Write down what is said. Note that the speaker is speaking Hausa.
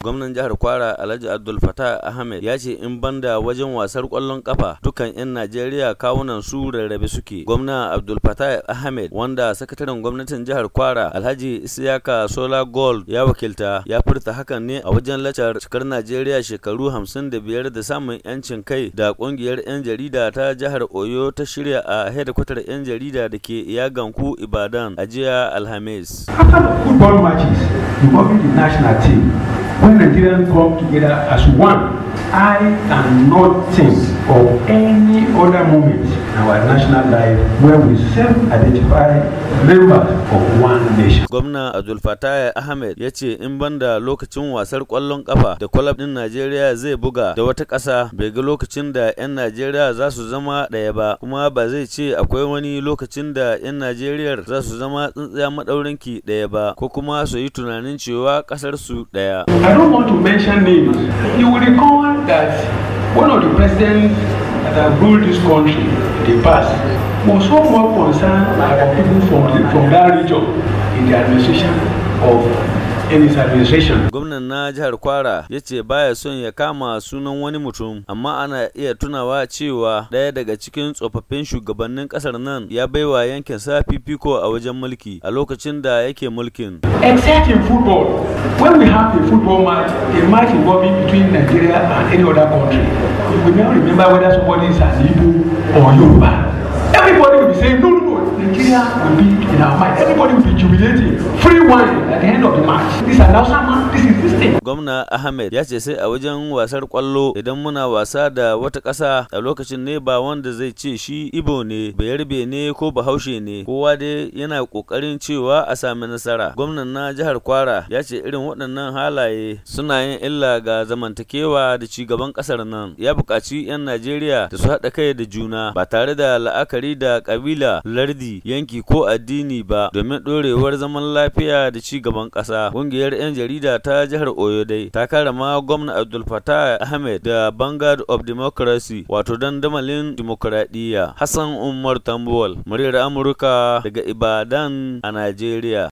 Gwamnan jihar Kwara Alhaji Abdul Fatah Ahmed ya ce in banda wajen wasar kwallon kafa dukan 'yan Najeriya kawunan su rarrabe suke. Gwamna Abdul Fatah Ahmed wanda sakataren gwamnatin jihar Kwara Alhaji Isiyaka Sola Gold ya wakilta ya furta hakan ne a wajen lacar cikar Najeriya shekaru 55 da samun 'yancin kai da ƙungiyar 'yan jarida ta jihar Oyo ta shirya a hedikwatar 'yan jarida da ke Iyaganku Ibadan a jiya Alhamis. when Nigerians come together as one I cannot think of any other moment in our national life where we self-identify members of one nation. Gwamna Abdul Fattah Ahmed ya ce in banda lokacin wasar kwallon kafa da kwalab din Najeriya zai buga da wata ƙasa bai ga lokacin da 'yan Najeriya za su zama ɗaya ba kuma ba zai ce akwai wani lokacin da 'yan Najeriya za su zama tsintsiya maɗaurinki ɗaya ba ko kuma su yi tunanin cewa ƙasar su ɗaya. I don't want to mention names. You will recall that one of the presidents that have ruled this country in the past was so more concerned about people from, the, from that region in the administration of Gwamnan na jihar Kwara ya ce baya son ya kama sunan wani mutum, amma ana iya tunawa cewa ɗaya daga cikin tsofaffin shugabannin ƙasar nan ya baiwa yankin sa fifiko a wajen mulki a lokacin da yake mulkin. Except in football, when we have a football match, a match involving between Nigeria and any other country, we may never remember whether somebody is an Igbo or Yoruba. Everybody will be saying, no, no, Nigeria will be in our mind. Everybody will be jubilating. Free wine at the end of the match. This man. this is this thing. Gwamna Ahmed ya ce sai a wajen wasar kwallo idan muna wasa da wata ƙasa a lokacin ne ba wanda zai ce shi Ibo ne, Bayarbe ne ko Bahaushe ne. Kowa dai yana ƙoƙarin cewa a sami nasara. Gwamnan na jihar Kwara ya ce irin waɗannan halaye suna yin illa ga zamantakewa da cigaban ƙasar nan. Ya buƙaci 'yan Najeriya da su haɗa kai da juna ba tare da la'akari da ƙabila lardi yanki ko addini ba domin ɗorewar zaman lafiya da ci gaban ƙasa ƙungiyar 'yan jarida ta jihar oyo dai ta ma gwamna abdul fatah ahmed da vanguard of democracy wato dandamalin dimokuraɗiyya hassan umar tambuwal muryar amurka daga ibadan a najeriya